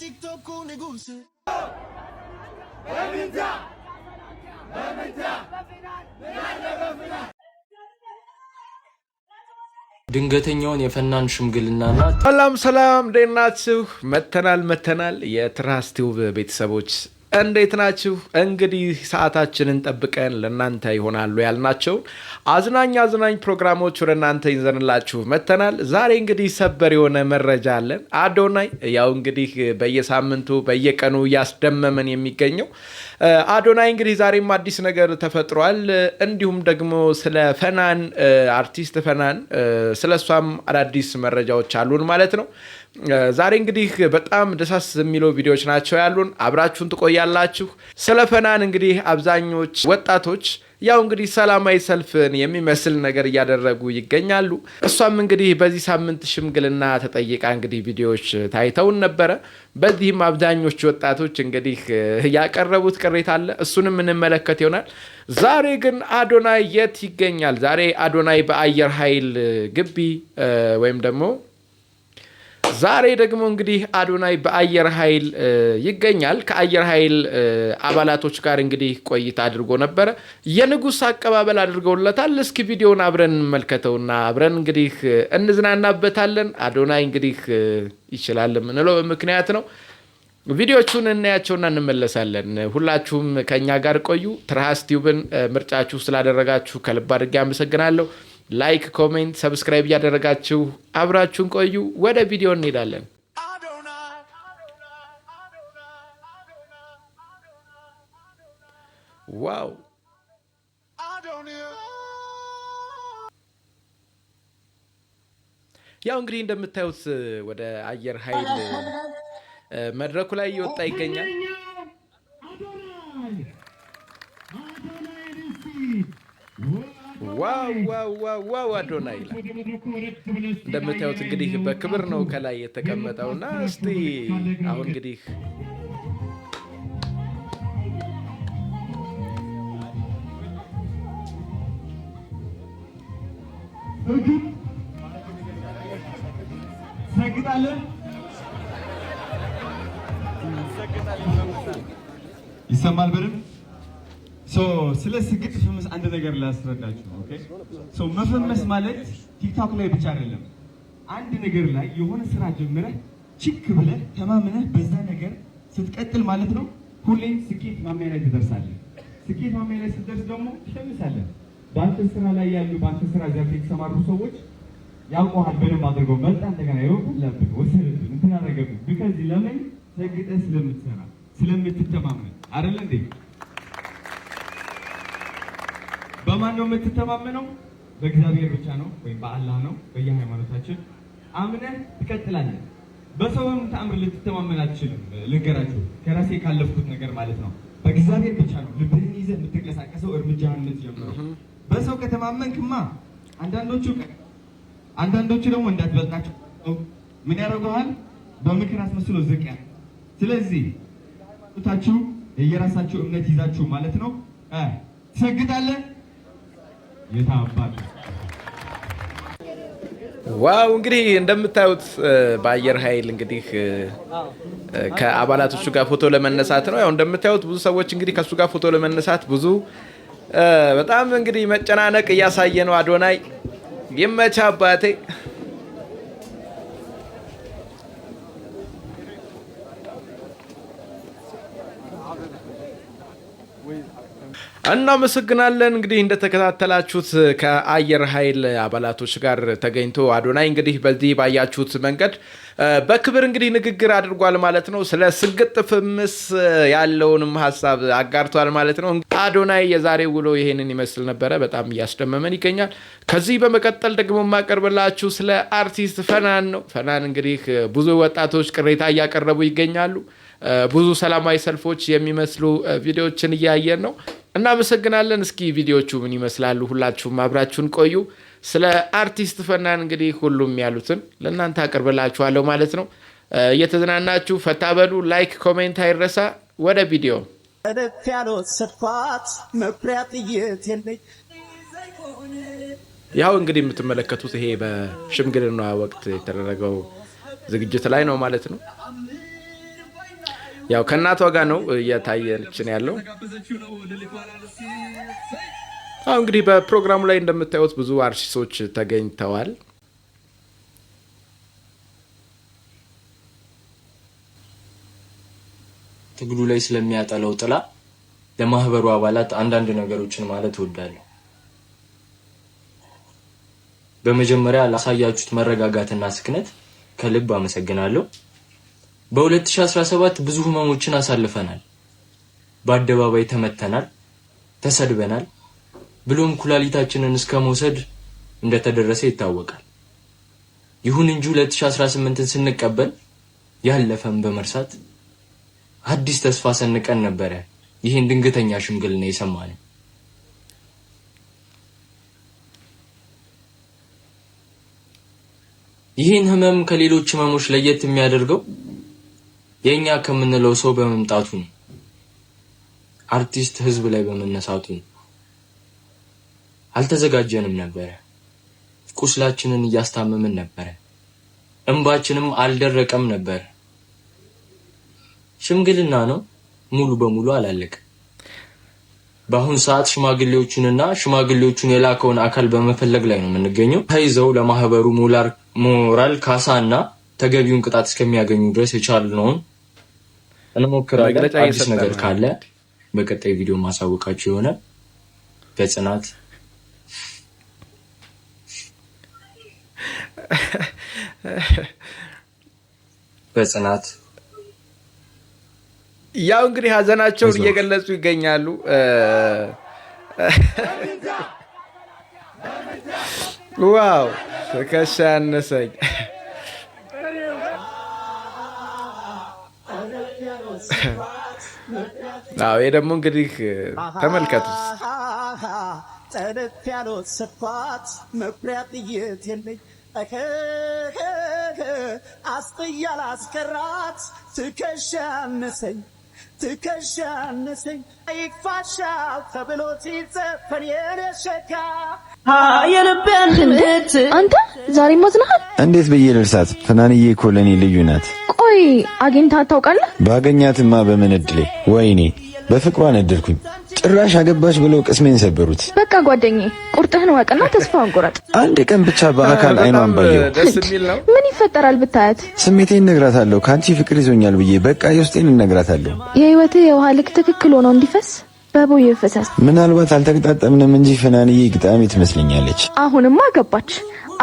ቲክቶኩ ንጉስ ድንገተኛውን የፈናን ሽምግልና ናት። ሰላም ሰላም፣ ደናችሁ ናችሁ? መተናል መተናል የትራስቲው ቤተሰቦች እንዴት ናችሁ? እንግዲህ ሰዓታችንን ጠብቀን ለእናንተ ይሆናሉ ያልናቸውን አዝናኝ አዝናኝ ፕሮግራሞች ወደ እናንተ ይዘንላችሁ መጥተናል። ዛሬ እንግዲህ ሰበር የሆነ መረጃ አለን። አዶናይ ያው እንግዲህ በየሳምንቱ በየቀኑ እያስደመመን የሚገኘው አዶናይ እንግዲህ ዛሬም አዲስ ነገር ተፈጥሯል። እንዲሁም ደግሞ ስለ ፈናን አርቲስት ፈናን ስለ እሷም አዳዲስ መረጃዎች አሉን ማለት ነው። ዛሬ እንግዲህ በጣም ደሳስ የሚለው ቪዲዮዎች ናቸው ያሉን። አብራችሁን ትቆያላችሁ። ስለ ፈናን እንግዲህ አብዛኞች ወጣቶች ያው እንግዲህ ሰላማዊ ሰልፍን የሚመስል ነገር እያደረጉ ይገኛሉ። እሷም እንግዲህ በዚህ ሳምንት ሽምግልና ተጠይቃ እንግዲህ ቪዲዮዎች ታይተውን ነበረ። በዚህም አብዛኞቹ ወጣቶች እንግዲህ ያቀረቡት ቅሬታ አለ። እሱንም እንመለከት ይሆናል። ዛሬ ግን አዶናይ የት ይገኛል? ዛሬ አዶናይ በአየር ኃይል ግቢ ወይም ደግሞ ዛሬ ደግሞ እንግዲህ አዶናይ በአየር ኃይል ይገኛል። ከአየር ኃይል አባላቶች ጋር እንግዲህ ቆይታ አድርጎ ነበረ። የንጉሥ አቀባበል አድርገውለታል። እስኪ ቪዲዮውን አብረን እንመልከተውና አብረን እንግዲህ እንዝናናበታለን። አዶናይ እንግዲህ ይችላል የምንለው ምክንያት ነው። ቪዲዮቹን እናያቸውና እንመለሳለን። ሁላችሁም ከእኛ ጋር ቆዩ። ትርሃስ ቲዩብን ምርጫችሁ ስላደረጋችሁ ከልብ አድርጌ አመሰግናለሁ። ላይክ፣ ኮሜንት፣ ሰብስክራይብ እያደረጋችሁ አብራችሁን ቆዩ። ወደ ቪዲዮ እንሄዳለን። ዋው ያው እንግዲህ እንደምታዩት ወደ አየር ኃይል መድረኩ ላይ እየወጣ ይገኛል። ዋው አዶና ይላል። እንደምታዩት እንግዲህ በክብር ነው ከላይ የተቀመጠውና እስቲ አሁን እንግዲህ ይሰማል በደንብ ስለ ስግጥ ፍምስ አንድ ነገር ላስረዳችሁ። መፈመስ ማለት ቲክታክ ላይ ብቻ አይደለም። አንድ ነገር ላይ የሆነ ስራ ጀምረህ ችክ ብለህ ተማምነህ በዛ ነገር ስትቀጥል ማለት ነው ሁሌም ስኬት ማማያ ላይ ትደርሳለህ። ስኬት ማማያ ላይ ስትደርስ ደግሞ ትሸምሳለህ። በአንተ ስራ ላይ ያሉ በአንተ ስራ ዘርፍ የተሰማሩ ሰዎች ያውቀዋል በደንብ አድርገው። መጣ እንደገና ይወቁልብን፣ ወሰድብን፣ እንትን አደረገብን። ከዚህ ለምን ሰግጠህ ስለምትሰራ ስለምትተማመን አይደለ እንዴ? በማን ነው የምትተማመነው? በእግዚአብሔር ብቻ ነው ወይም በአላህ ነው። በየሃይማኖታችን አምነህ ትቀጥላለህ። በሰውም ተአምር ልትተማመን አትችልም። ልንገራችሁ ከራሴ ካለፍኩት ነገር ማለት ነው። በእግዚአብሔር ብቻ ነው ልብህን ይዘህ የምትንቀሳቀሰው እርምጃህን የምትጀምረው። በሰው ከተማመንክማ አንዳንዶቹ አንዳንዶቹ ደግሞ እንዳትበልጣቸው ምን ያደርገዋል? በምክር አስመስሎ ዝቅ ያለ። ስለዚህ ታችሁ የየራሳችሁ እምነት ይዛችሁ ማለት ነው ትሰግጣለህ ዋው እንግዲህ እንደምታዩት በአየር ኃይል እንግዲህ ከአባላቶቹ ጋር ፎቶ ለመነሳት ነው። ያው እንደምታዩት ብዙ ሰዎች እንግዲህ ከእሱ ጋር ፎቶ ለመነሳት ብዙ በጣም እንግዲህ መጨናነቅ እያሳየ ነው። አዶናይ ይመቻ አባቴ። እናመሰግናለን እንግዲህ እንደተከታተላችሁት ከአየር ኃይል አባላቶች ጋር ተገኝቶ አዶናይ እንግዲህ በዚህ ባያችሁት መንገድ በክብር እንግዲህ ንግግር አድርጓል ማለት ነው። ስለ ስግጥ ፍምስ ያለውንም ሀሳብ አጋርቷል ማለት ነው። አዶናይ የዛሬ ውሎ ይሄንን ይመስል ነበረ። በጣም እያስደመመን ይገኛል። ከዚህ በመቀጠል ደግሞ የማቀርብላችሁ ስለ አርቲስት ፈናን ነው። ፈናን እንግዲህ ብዙ ወጣቶች ቅሬታ እያቀረቡ ይገኛሉ። ብዙ ሰላማዊ ሰልፎች የሚመስሉ ቪዲዮዎችን እያየን ነው። እናመሰግናለን። እስኪ ቪዲዮቹ ምን ይመስላሉ? ሁላችሁም አብራችሁን ቆዩ። ስለ አርቲስት ፈናን እንግዲህ ሁሉም ያሉትን ለእናንተ አቅርብላችኋለሁ ማለት ነው። እየተዝናናችሁ ፈታ በሉ። ላይክ ኮሜንት አይረሳ። ወደ ቪዲዮ ያለው ስፋት መኩሪያ ጥይት የለኝ ያው እንግዲህ የምትመለከቱት ይሄ በሽምግልና ወቅት የተደረገው ዝግጅት ላይ ነው ማለት ነው። ያው ከእናቷ ጋር ነው እየታየችን ያለው። አሁ እንግዲህ በፕሮግራሙ ላይ እንደምታዩት ብዙ አርቲስቶች ተገኝተዋል። ትግሉ ላይ ስለሚያጠለው ጥላ ለማህበሩ አባላት አንዳንድ ነገሮችን ማለት እወዳለሁ። በመጀመሪያ ላሳያችሁት መረጋጋትና ስክነት ከልብ አመሰግናለሁ። በ2017 ብዙ ህመሞችን አሳልፈናል። በአደባባይ ተመተናል፣ ተሰድበናል፣ ብሎም ኩላሊታችንን እስከ መውሰድ እንደተደረሰ ይታወቃል። ይሁን እንጂ 2018ን ስንቀበል ያለፈን በመርሳት አዲስ ተስፋ ሰንቀን ነበረ ይህን ድንገተኛ ሽምግልና የሰማን። ይህን ህመም ከሌሎች ህመሞች ለየት የሚያደርገው የእኛ ከምንለው ሰው በመምጣቱ ነው። አርቲስት ህዝብ ላይ በመነሳቱ ነው። አልተዘጋጀንም ነበረ። ቁስላችንን እያስታመምን ነበረ። እንባችንም አልደረቀም ነበር። ሽምግልና ነው፣ ሙሉ በሙሉ አላለቀ። በአሁን ሰዓት ሽማግሌዎቹንና ሽማግሌዎቹን የላከውን አካል በመፈለግ ላይ ነው የምንገኘው። ተይዘው ለማህበሩ ሞራል ካሳ እና ተገቢውን ቅጣት እስከሚያገኙ ድረስ የቻልነውን እንሞክራለን። አዲስ ነገር ካለ በቀጣይ ቪዲዮ ማሳወቃችሁ የሆነ በጽናት በጽናት ያው እንግዲህ ሀዘናቸውን እየገለጹ ይገኛሉ። ዋው ከሻ ያነሰኝ አዎ ይሄ ደግሞ እንግዲህ ተመልከቱት። ጠለት ያሎት ስፋት መኩሪያ ጥይት የለኝ አስጥያ ላስከራት ትከሻ አነሰኝ ትከሻ አነሰኝ ይፋሻ ተብሎ ሲዘፈን የነሸካ ሸካ የልቤን ምት አንተ ዛሬ ሞት ሞትናል። እንዴት ብዬ ልርሳት? ትናንዬ እኮ ለእኔ ልዩ ናት። ቆይ አግኝታ ታውቃለህ? ባገኛትማ በምን እድሌ! ወይኔ በፍቅሯ ነደድኩኝ። ጭራሽ አገባሽ ብለው ቅስሜን ሰበሩት። በቃ ጓደኛዬ ቁርጥህን ዋቅና ተስፋውን ቁረጥ አንድ ቀን ብቻ በአካል አይኗን ባየው ምን ይፈጠራል ብታያት። ስሜቴን እነግራታለሁ። ከአንቺ ፍቅር ይዞኛል ብዬ በቃ የውስጤን እነግራታለሁ። የህይወትህ የውሃ ልክ ትክክል ሆኖ እንዲፈስ በቦ ይፈሳል። ምናልባት አልተገጣጠምንም እንጂ ፍናንዬ ግጣሚ ትመስለኛለች። አሁንማ ገባች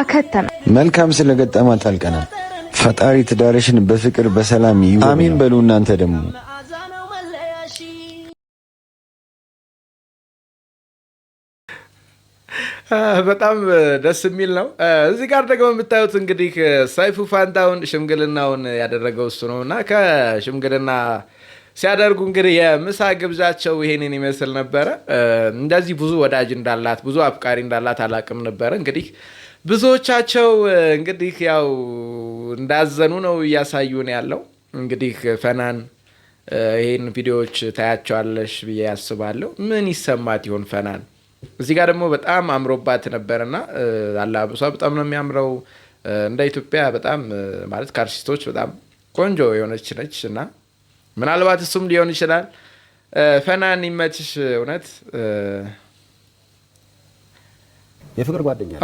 አከተመ። መልካም ስለገጠማት አልቀናል ፈጣሪ ትዳርሽን በፍቅር በሰላም ይሁን። አሚን በሉ እናንተ ደግሞ በጣም ደስ የሚል ነው። እዚህ ጋር ደግሞ የምታዩት እንግዲህ ሰይፉ ፋንታውን ሽምግልናውን ያደረገው እሱ ነው እና ከሽምግልና ሲያደርጉ እንግዲህ የምሳ ግብዣቸው ይሄንን ይመስል ነበረ። እንደዚህ ብዙ ወዳጅ እንዳላት ብዙ አፍቃሪ እንዳላት አላቅም ነበረ እንግዲህ ብዙዎቻቸው እንግዲህ ያው እንዳዘኑ ነው እያሳዩን ያለው። እንግዲህ ፈናን ይህን ቪዲዮዎች ታያቸዋለሽ ብዬ ያስባለሁ። ምን ይሰማት ይሆን ፈናን? እዚህ ጋር ደግሞ በጣም አምሮባት ነበርና አላብሷ በጣም ነው የሚያምረው። እንደ ኢትዮጵያ በጣም ማለት ከአርቲስቶች በጣም ቆንጆ የሆነች ነች እና ምናልባት እሱም ሊሆን ይችላል። ፈናን ይመችሽ። እውነት የፍቅር ጓደኛ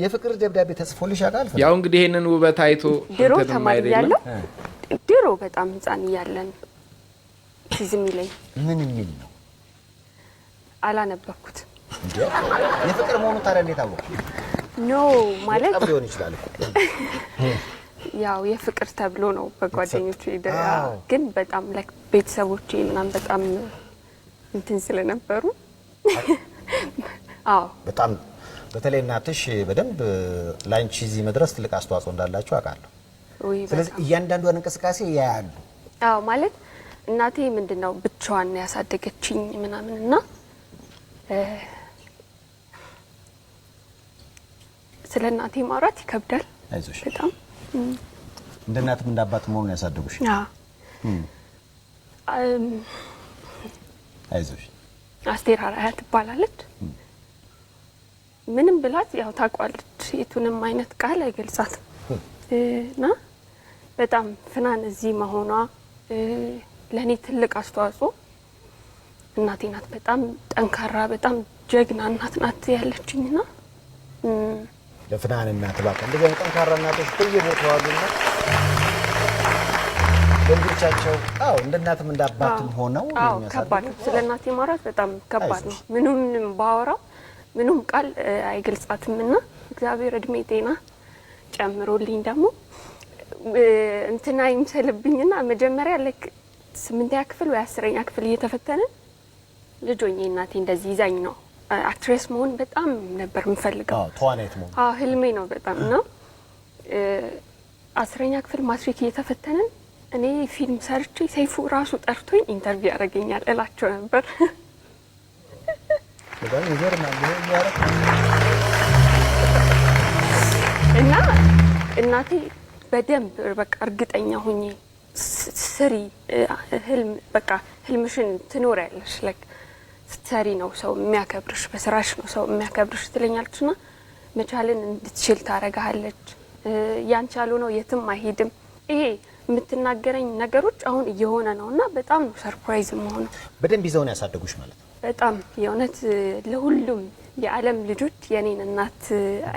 የፍቅር ደብዳቤ ተጽፎልሽ ያውቃል? ያው እንግዲህ ይህንን ውበት አይቶ ድሮ ተማሪ ያለው ድሮ በጣም ህፃን እያለን ትዝ የሚለኝ ምን የሚል ነው? አላነበኩት። የፍቅር መሆኑ ታዲያ እንዴት አወቅ? ኖ ማለት ሊሆን ይችላል። ያው የፍቅር ተብሎ ነው በጓደኞቹ ግን በጣም ላይክ ቤተሰቦቼ ምናምን በጣም እንትን ስለነበሩ አዎ በጣም በተለይ እናትሽ በደንብ ላንቺ እዚህ መድረስ ትልቅ አስተዋጽኦ እንዳላችሁ አውቃለሁ። ስለዚህ እያንዳንዷን እንቅስቃሴ ያያሉ። አዎ ማለት እናቴ ምንድን ነው ብቻዋን ያሳደገችኝ ምናምን እና ስለ እናቴ ማውራት ይከብዳል በጣም እንደ እናትም እንደ አባት መሆኑ ያሳደጉሽ። አዎ አይዞሽ። አስቴር አርአያ ትባላለች። ምንም ብላት ያው ታውቋለች። የቱንም አይነት ቃል አይገልጻትም እና በጣም ፍናን እዚህ መሆኗ ለእኔ ትልቅ አስተዋጽኦ እናቴ ናት። በጣም ጠንካራ፣ በጣም ጀግና እናት ናት ያለችኝ ና ለፍናን እናት ባቀ እንደዚህ አይነት ጠንካራ እናቶች በየቦታው አሉና ወንዶቻቸው አዎ እንደ እናትም እንዳባትም ሆነው ከባድ ነው። ስለ እናቴ ማውራት በጣም ከባድ ነው። ምንም ባወራው ምንም ቃል አይገልጻትም እና እግዚአብሔር እድሜ ጤና ጨምሮልኝ ደግሞ እንትና ና መጀመሪያ ልክ ስምንተኛ ክፍል ወይ አስረኛ ክፍል እየተፈተንን ልጆኜ እናቴ እንደዚህ ይዛኝ ነው አክትሬስ መሆን በጣም ነበር የምፈልገው። ተዋናይት መሆን ህልሜ ነው በጣም ነው። አስረኛ ክፍል ማትሪክ እየተፈተንን እኔ ፊልም ሰርቼ ሰይፉ ራሱ ጠርቶኝ ኢንተርቪው ያደርገኛል እላቸው ነበር። በጣም ይገርማል። እና እናቴ በደንብ በቃ እርግጠኛ ሁኚ ስሪ፣ ህልም በቃ ህልምሽን ትኖሪያለሽ። ላይክ ስትሰሪ ነው ሰው የሚያከብርሽ፣ በስራሽ ነው ሰው የሚያከብርሽ ትለኛለች እና መቻልን እንድትችል ታረጋሃለች። ያንቺ ያልሆነው የትም አይሄድም። ይሄ የምትናገረኝ ነገሮች አሁን እየሆነ ነው እና በጣም ነው ሰርፕራይዝ መሆኑ። በደንብ ይዘውን ያሳደጉሽ ማለት ነው በጣም የእውነት ለሁሉም የዓለም ልጆች የኔን እናት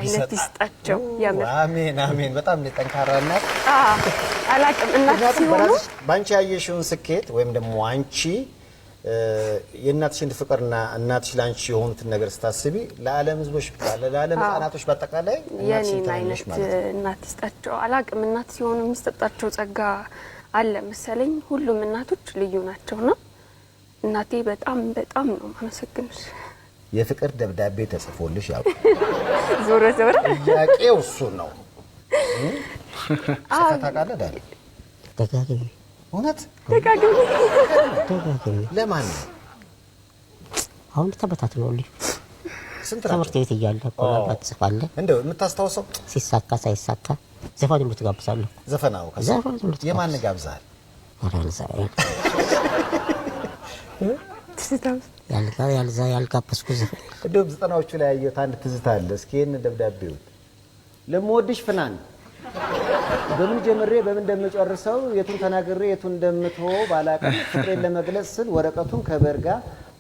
አይነት ይስጣቸው። አሜን አሜን። በጣም ጠንካራ እናት አላቅም እናት ሲሆኑ በአንቺ ያየሽውን ስኬት ወይም ደግሞ አንቺ የእናትሽን ፍቅርና እናትሽ ለአንቺ የሆኑትን ነገር ስታስቢ ለዓለም ሕዝቦች ለዓለም ህጻናቶች በአጠቃላይ የኔን አይነት እናት ይስጣቸው። አላቅም እናት ሲሆኑ የሚሰጣቸው ጸጋ አለ መሰለኝ። ሁሉም እናቶች ልዩ ናቸው ነው እናቴ በጣም በጣም ነው ማመሰግንሽ። የፍቅር ደብዳቤ ተጽፎልሽ ያው ዞረ ዞረ ጥያቄው እሱ ነው። ታውቃለህ ደጋግሜ እውነት ደጋግሜ ለማን ነው አሁን ትምህርት ቤት እያለ እንደው የምታስታውሰው ሲሳካ ሳይሳካ ዘፈን ሁሉ ዘፈን ሁሉ የማን ጋብዛል? ያልጋበዝኩ እንደውም ዘጠናዎቹ ላይ ያየሁት አንድ ትዝታ አለ። እስኪ ይህን ደብዳቤው ለምወድሽ ፍናን በምን ጀምሬ በምን እንደምጨርሰው የቱን ተናግሬ የቱን እንደምትሆ ፍቅሬን ለመግለጽ ስል ወረቀቱን ከበርጋ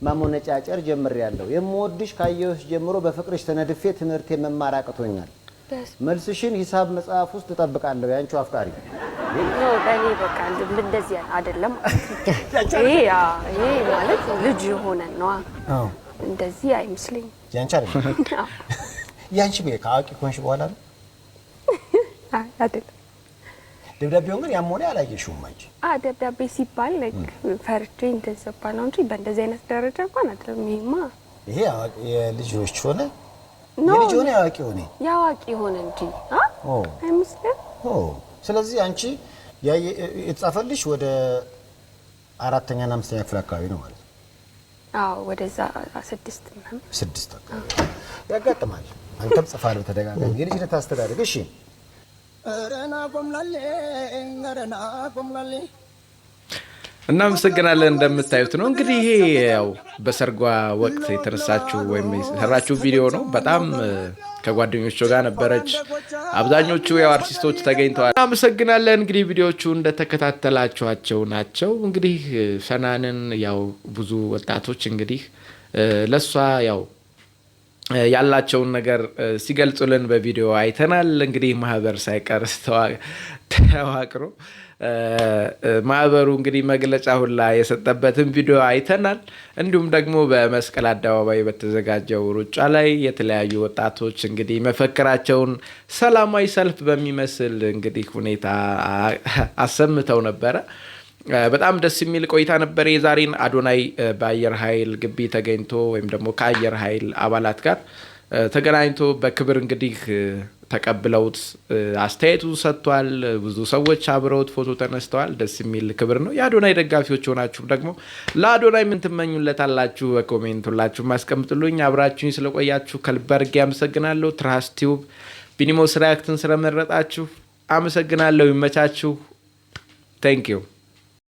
ማሞነጫጨር ጀምሬያለሁ። የምወድሽ ካየሁሽ ጀምሮ በፍቅርሽ ተነድፌ ትምህርቴ መማር አቅቶኛል። መልስሽን ሂሳብ መጽሐፍ ውስጥ እጠብቃለሁ። ያንቺ አፍቃሪ በእኔ በቃ እንደዚህ አይደለም። ይሄ ማለት ልጅ የሆነ ነዋ። እንደዚህ አይመስለኝም። ያንቺ አይደለም። ያንቺ ከአዋቂ ከሆንሽ በኋላ ነው አይደለም። ደብዳቤውን ግን ያም ሆነ አላየሽውም አንቺ? አዎ ደብዳቤ ሲባል ፈርቼ እንደዚያ ባለው እንጂ በእንደዚህ አይነት ደረጃ እንኳን አይደለም። ይሄማ ይሄ ልጆች ሆነ የልጅ ሆነ ያዋቂ ሆነ ያዋቂ ሆነ እንጂ አይመስልም። ስለዚህ አንቺ የተጻፈልሽ ወደ አራተኛና አምስተኛ ክፍል አካባቢ ነው ማለት ነው። ወደዛ ስድስት ስድስት አካባቢ ያጋጥማል። አንተም ጽፋለሁ ተደጋጋሚ የልጅነት አስተዳደግ። እሺ ረና ቆምላሌ ረና ቆምላሌ እናመሰግናለን። እንደምታዩት ነው እንግዲህ ይሄ ያው በሰርጓ ወቅት የተነሳችው ወይም የሰራችው ቪዲዮ ነው። በጣም ከጓደኞቹ ጋር ነበረች። አብዛኞቹ ያው አርቲስቶች ተገኝተዋል። እናመሰግናለን። እንግዲህ ቪዲዮቹ እንደተከታተላችኋቸው ናቸው። እንግዲህ ሰናንን ያው ብዙ ወጣቶች እንግዲህ ለእሷ ያው ያላቸውን ነገር ሲገልጹልን በቪዲዮ አይተናል። እንግዲህ ማህበር ሳይቀር ተዋቅሮ ማህበሩ እንግዲህ መግለጫ ሁላ የሰጠበትን ቪዲዮ አይተናል። እንዲሁም ደግሞ በመስቀል አደባባይ በተዘጋጀው ሩጫ ላይ የተለያዩ ወጣቶች እንግዲህ መፈክራቸውን ሰላማዊ ሰልፍ በሚመስል እንግዲህ ሁኔታ አሰምተው ነበረ። በጣም ደስ የሚል ቆይታ ነበር። የዛሬን አዶናይ በአየር ኃይል ግቢ ተገኝቶ ወይም ደግሞ ከአየር ኃይል አባላት ጋር ተገናኝቶ በክብር እንግዲህ ተቀብለውት አስተያየቱ ሰጥቷል። ብዙ ሰዎች አብረውት ፎቶ ተነስተዋል። ደስ የሚል ክብር ነው። የአዶናይ ደጋፊዎች ሆናችሁም ደግሞ ለአዶናይ ምን ትመኙለት አላችሁ? በኮሜንት ሁላችሁም አብራችሁኝ ስለቆያችሁ ከልብ አድርጌ አመሰግናለሁ። ትራስ ቲዩብ ቢኒሞስ ሪያክትን ስለመረጣችሁ አመሰግናለሁ። ይመቻችሁ። ታንኪዩ